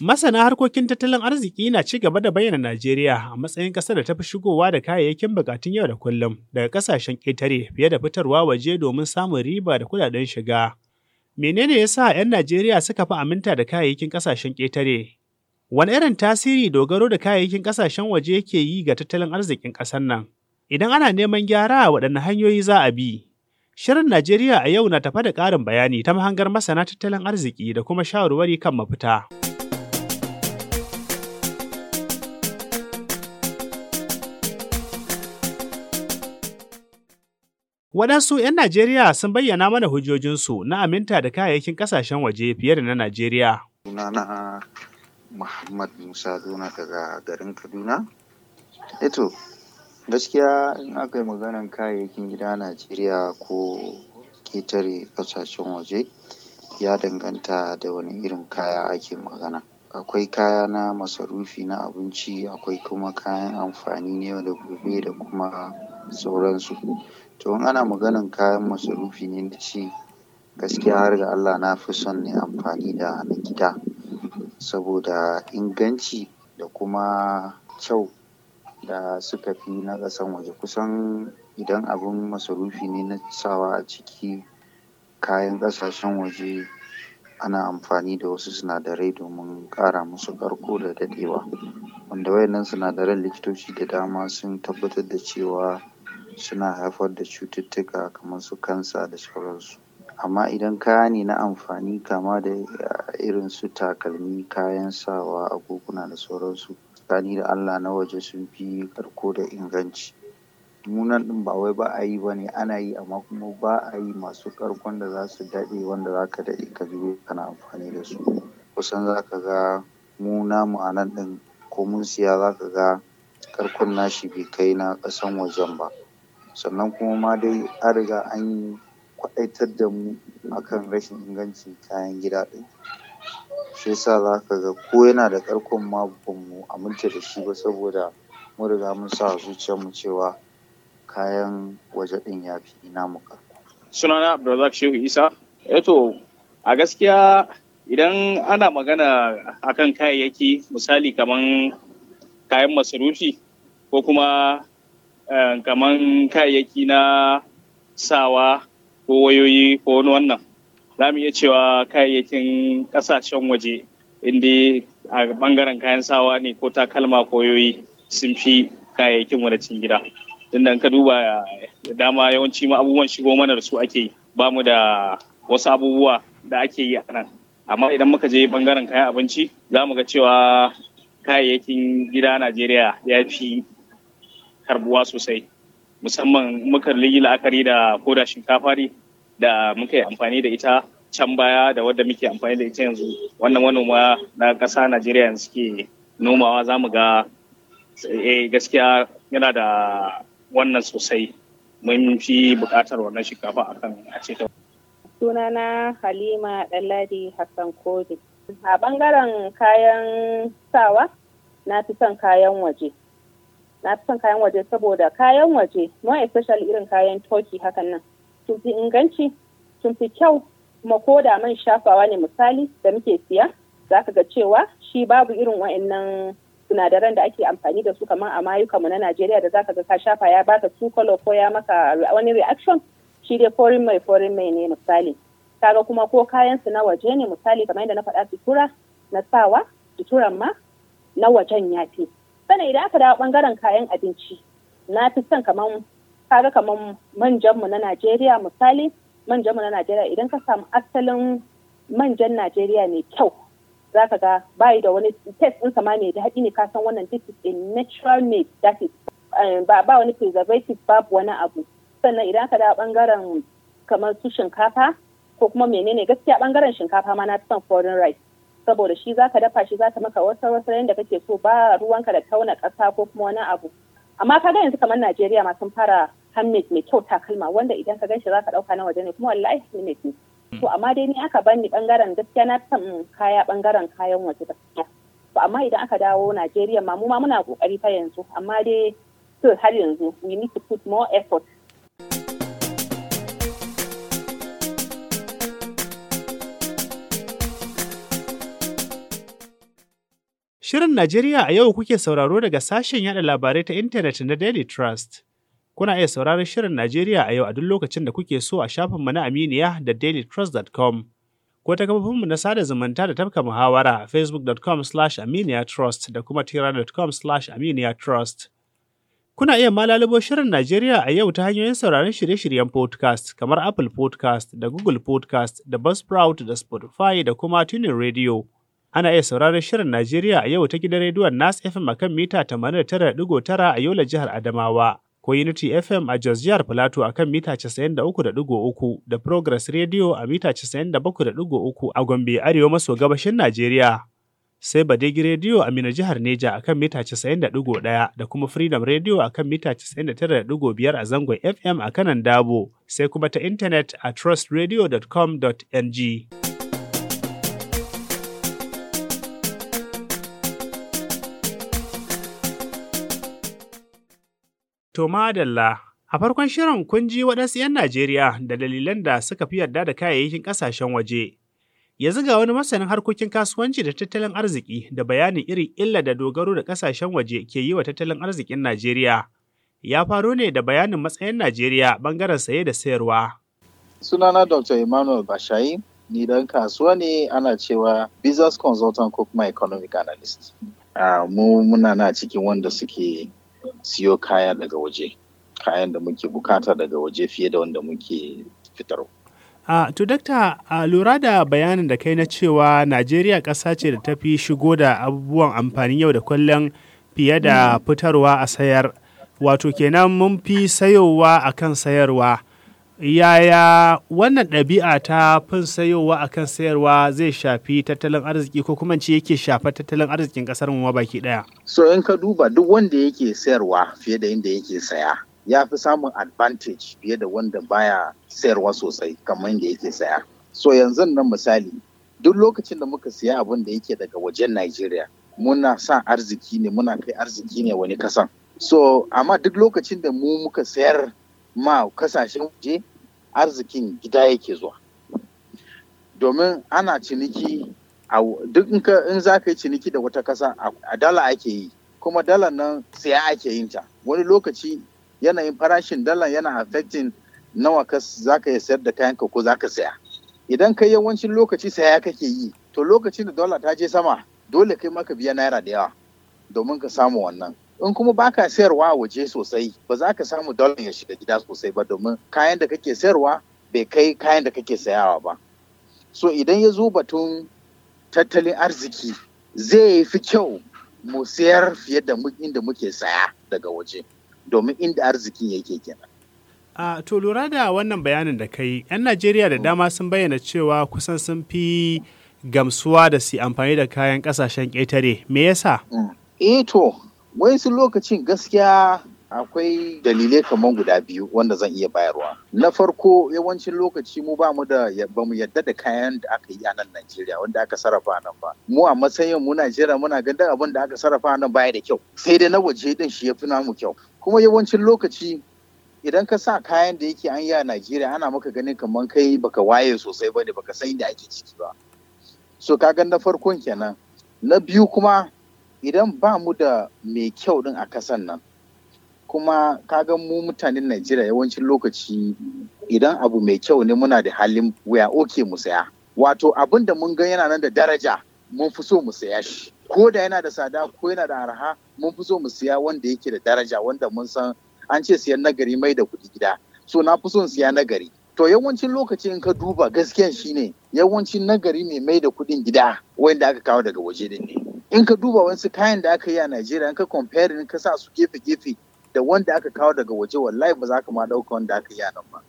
Masana harkokin tattalin arziki na ci gaba da bayyana Najeriya a matsayin ƙasar da ta fi shigowa da kayayyakin bukatun yau da kullum daga ƙasashen ƙetare fiye da fitarwa waje domin samun riba da kudaden shiga. Menene ya sa 'yan Najeriya suka fi aminta da kayayyakin ƙasashen ƙetare? Wani irin tasiri dogaro da kayayyakin ƙasashen waje yake yi ga tattalin arzikin ƙasar nan? Idan ana neman gyara waɗanne hanyoyi za a bi? Shirin Najeriya a yau na tafa da ƙarin bayani ta mahangar masana tattalin arziki da kuma shawarwari kan mafita. Waɗansu 'yan Najeriya sun bayyana mana hujjojinsu na aminta da kayayyakin ƙasashen waje fiye da na Najeriya. Sunana Muhammad Musa Zuna daga garin Kaduna. Eto, eh gaskiya in aka yi maganan kayayyakin gida Najeriya ko ketare ƙasashen waje ya danganta da wani irin kaya ake magana. Akwai kaya na masarufi na abinci, akwai kuma kayan amfani na da gobe da kuma sauransu. To in ana maganan kayan masarufi ne na ci, gaskiya har ga Allah na fi son ne amfani da na gida saboda inganci da kuma kyau da suka fi na ƙasan waje. Kusan idan abin masarufi ne na sawa a ciki, kayan ƙasashen waje. ana amfani da wasu sinadarai domin ƙara musu ƙarko da daɗewa wanda wayannan sinadaran likitoci da dama sun tabbatar da cewa suna haifar da cututtuka kamar su kansa da sauransu amma idan kaya ne na amfani kama da eh, irin su takalmi kayan sawa agoguna da sauransu tsakani da Allah na waje sun fi ƙarko da inganci mu nan ɗin ba wai ba a yi ba ne ana yi amma kuma ba a yi masu ƙarkon da za su daɗe wanda za ka daɗe ka zo kana amfani da su kusan za ka ga mu namu a nan ɗin ko mun siya za ka ga ƙarkon nashi bai kai na ƙasan wajen ba sannan kuma ma dai an riga an yi kwaɗaitar da mu akan rashin ingancin kayan gida ɗin shi sa za ka ga ko yana da ƙarkon ma ba mu aminta da shi ba saboda mun riga mun sa zuciyarmu cewa kayan waje ɗin ya fi ina namu sunana abdulrazak shehu isa eto eh a gaskiya idan ana magana akan kayayyaki misali kaman kayan masarufi ko kuma eh, kaman kayayyaki na sawa ko wayoyi ko wani wannan za mu iya cewa kayayyakin ƙasashen waje inda a bangaren kayan sawa ne ko takalma ko yoyi sun fi kayayyakin wadacin gida tunda ka duba dama yawanci ma abubuwan shigo mana da su ake yi ba mu da wasu abubuwa da ake yi a nan amma idan muka je bangaren kayan abinci za mu ga cewa kayayyakin gida najeriya ya fi karbuwa sosai musamman muka yi la'akari da koda shinkafa ne da muka yi amfani da ita can baya da wadda muke amfani da ita yanzu wannan manoma na ƙasa najeriya suke nomawa za mu ga eh, gaskiya yana da wannan sosai mun fi buƙatar wannan shinkafa akan a ce sunana halima ɗanladi hassan kodi a ɓangaren kayan sawa na fi son kayan waje na fi son kayan waje saboda kayan waje mo especially irin kayan toki hakan nan sun fi inganci sun fi kyau kuma ko da man shafawa ne misali da muke siya za ka ga cewa shi babu irin wa'annan sinadaran da ake amfani da su kamar a mayuka mu na Najeriya da zaka ga ka shafa ya baka su color ko ya maka wani reaction shi dai foreign mai foreign mai ne misali kaga kuma ko kayan su na waje ne misali kamar yadda na faɗa sutura na sawa suturan ma na wajen ya fi sannan idan aka dawo bangaren kayan abinci na fi son kamar kaga kamar manjan mu na Najeriya misali manjan mu na Najeriya idan ka samu asalin manjan Najeriya mai kyau za ka ga bayi da wani test ɗin ma mai daɗi ne kasan wannan this is a natural made that is eh, ba wani preservative babu wani abu sannan idan ka dawo bangaren kamar su shinkafa ko kuma menene gaskiya bangaren shinkafa ma na son foreign rice saboda shi za ka dafa shi za ka maka wasu wasu yadda kake so ba ruwanka da tauna ƙasa ko kuma wani abu amma ka ga yanzu kamar Najeriya ma sun fara handmade mai kyau takalma wanda idan ka gan shi ka ɗauka na waje ne kuma wallahi handmade ne Mm. to amma dai ni aka bani bangaren gaskiya na san kaya bangaren kayan waje gaskiya to amma idan aka dawo Najeriya ma mu ma muna kokari ta yanzu amma dai to har yanzu we need to put more effort Shirin Najeriya a yau kuke sauraro daga sashen yada labarai ta intanet na Daily Trust. Kuna iya sauraron Shirin Najeriya a yau a duk lokacin da kuke so a shafinmu na Aminiya da dailytrust.com ko ta kafofinmu na sada zumunta da tafka muhawara a facebook.com slash aminiyatrust da kuma tira.com slash aminiyatrust. Kuna iya malalibo Shirin Najeriya a yau ta hanyoyin sauraron shirye-shiryen podcast kamar Apple podcast da Google podcast da Buzzsprout da Spotify da kuma Tunin Radio. Ana iya sauraron Shirin Najeriya a yau ta gidan rediyon Nas FM a kan mita 89.9 a Yola jihar Adamawa. ko Unity FM a Jos Jihar Filato a kan mita 93.3 da Progress Radio a mita 97.3 a Gombe Arewa maso gabashin Najeriya. Sai Badegi Radio a Mina Jihar Neja a kan mita 91.1 da kuma Freedom Radio a kan mita 99.5 a zangon FM a kanan Dabo, sai kuma ta intanet a trustradio.com.ng. To madalla, a farkon shirin kun ji waɗansu 'yan Najeriya da dalilan da suka fi yarda da kayayyakin ƙasashen waje. Yanzu ga wani masanin harkokin kasuwanci da tattalin arziki da bayanin irin illa da dogaro da ƙasashen waje ke yi wa tattalin arzikin Najeriya. Ya faro ne da bayanin matsayin Najeriya bangaren saye da sayarwa. Sunana Dr. Emmanuel Bashayi, ni dan kasuwa ne ana cewa business consultant ko kuma economic analyst. Uh, mu muna na cikin wanda suke siyo kaya daga waje kayan da muke bukata daga waje fiye da wanda muke fitar. Uh, to dakta uh, lura da bayanin da kai na cewa Najeriya ƙasa ce da tafi shigo da abubuwan amfani yau da kullum fiye da fitarwa a sayar. Wato kenan mun fi sayowa a kan sayarwa. yaya wannan ɗabi'a ta fin sayowa akan sayarwa zai shafi tattalin arziki ko kuma ce yake shafa tattalin arzikin ƙasar mu baki ɗaya? So in ka duba duk wanda yake sayarwa fiye da inda yake saya ya fi samun advantage fiye da wanda baya sayarwa sosai kamar inda yake saya. So yanzu nan misali duk lokacin da muka siya abin da yake daga wajen Najeriya muna sa arziki ne muna kai arziki ne wani kasan. So amma duk lokacin da mu muka sayar ma kasashen waje arzikin gida yake zuwa domin ana ciniki duk in za ka yi ciniki da wata kasa a dala ake yi kuma dala nan siya ake yin ta wani lokaci yanayin farashin dala yana affectin nawa ka za ka sayar da kayan ka ko za ka saya idan kai yawancin lokaci saya kake yi to lokacin da dala ta je sama dole kai maka biya naira da yawa domin ka samu wannan in kuma baka sayarwa waje sosai ba za ka samu dolan ya shiga gida sosai ba domin kayan da kake sayarwa bai kai kayan da kake sayawa ba so idan ya zo batun tattalin arziki zai fi kyau mu sayar fiye da inda muke saya daga waje domin inda arzikin yake kenan a to lura da wannan bayanin da kai 'yan najeriya da dama sun bayyana cewa kusan sun fi gamsuwa da su amfani da kayan kasashen ƙetare me yasa? Mm. E eh to su lokacin gaskiya akwai dalilai kamar guda biyu wanda zan iya bayarwa na farko yawancin lokaci mu bamu da ba mu yadda da kayan da aka yi a nan Najeriya wanda aka sarrafa nan ba mu a matsayin mu Najeriya muna ganda abin da aka sarrafa nan baya da kyau sai dai na waje din shi yafi namu kyau kuma yawancin lokaci idan ka sa kayan da yake an yi a Najeriya ana maka ganin kamar kai baka waye sosai bane baka san inda ake ciki ba so ka ga na farkon kenan na biyu kuma idan ba mu da mai kyau din a kasan nan kuma kaga mu mutanen Najeriya yawancin lokaci idan abu mai kyau ne muna da halin wuya oke mu saya wato abin da mun ga yana nan da daraja mun fi so mu saya shi ko da yana da tsada ko yana da arha mun fi so mu saya wanda yake da daraja wanda mun san an ce siyan nagari mai da kuɗi gida so na fi son siya nagari to yawancin lokaci in ka duba gaskiyan shine yawancin nagari ne mai da kuɗin gida wanda aka kawo daga waje din ne in ka duba wasu kayan da aka yi a Najeriya in ka compare in ka sa su gefe-gefe da wanda aka kawo daga waje wallahi ba za ka ma ɗauka wanda aka yi a nan ba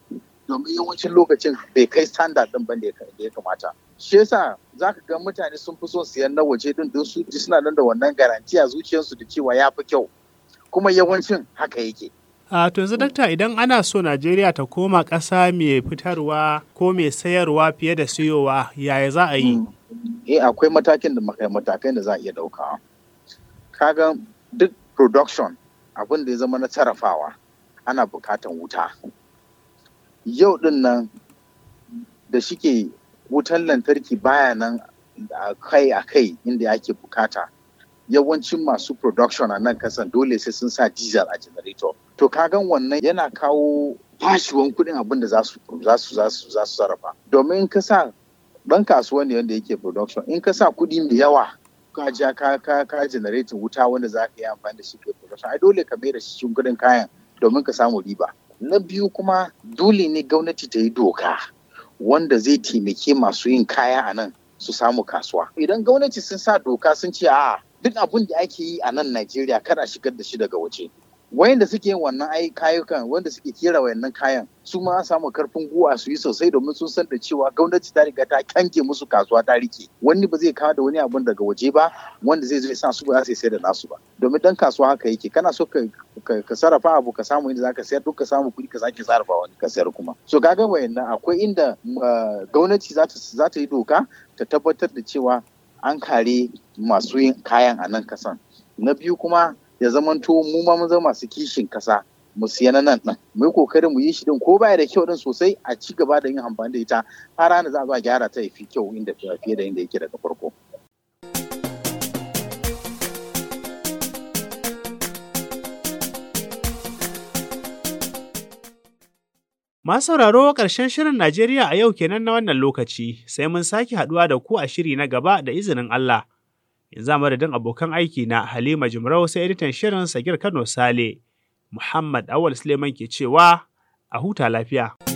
domin yawancin lokacin bai kai standard ɗin ban da ya kamata shi yasa za ka ga mutane sun fi son siyan na waje din don su suna nan da wannan garantiya zuciyarsu da cewa ya fi kyau kuma yawancin haka yake a to yanzu dakta idan ana so najeriya ta koma ƙasa mai fitarwa ko mai sayarwa fiye da siyowa yaya za a yi hmm. eh akwai matakin da matakai da za a iya dauka kaga duk production abin da ya zama na sarrafawa ana bukatan wuta yau din nan da shike wutan lantarki baya nan kai a kai inda ake bukata yawancin masu production a nan kasan dole sai sun sa diesel a generator to kagan wannan yana kawo fashewan kudin abin da za su sarrafa domin ka sa dan kasuwa ne wanda yake production in ka sa kuɗi mai yawa ka ja ka ka ka generate wuta wanda za ka yi amfani da shi ke production ai dole ka mai da shi cikin kayan domin ka samu riba na biyu kuma dole ne gwamnati ta yi doka wanda zai taimake masu yin kaya a nan su samu kasuwa idan gwamnati sun sa doka sun ce a duk abin da ake yi a nan Najeriya kada shigar da shi daga waje wayanda suke yin wannan ai kayukan wanda suke kera wayannan kayan su ma an samu karfin guwa su yi sosai domin sun san da cewa gwamnati ta riga ta kyanke musu kasuwa ta rike wani ba zai kawo da wani abun daga waje ba wanda zai zo ya sa su ba sai sai da nasu ba domin dan kasuwa haka yake kana so ka sarrafa abu ka samu inda zaka sayar duk ka samu kuɗi ka sake sarrafa wani ka sayar kuma so kaga wayannan akwai inda ah, gwamnati za ta yi doka ta tabbatar da cewa an kare masu yin kayan a nan kasan na biyu kuma ya zamanto mu ma mun zama masu kishin kasa mu siya na nan mu yi kokarin mu yi shi din ko baya da kyau din sosai a ci gaba da yin amfani da ita har ana za a gyara ta fi kyau inda fiye da inda yake daga farko. Masu sauraro ƙarshen shirin Najeriya a yau kenan na wannan lokaci, sai mun sake haɗuwa da ku a shiri na gaba da izinin Allah. Yanzu madadin abokan aiki na Halima Jumrau sai editan shirin Sagir Kano Sale, Muhammad Awal Suleiman ke cewa a huta lafiya.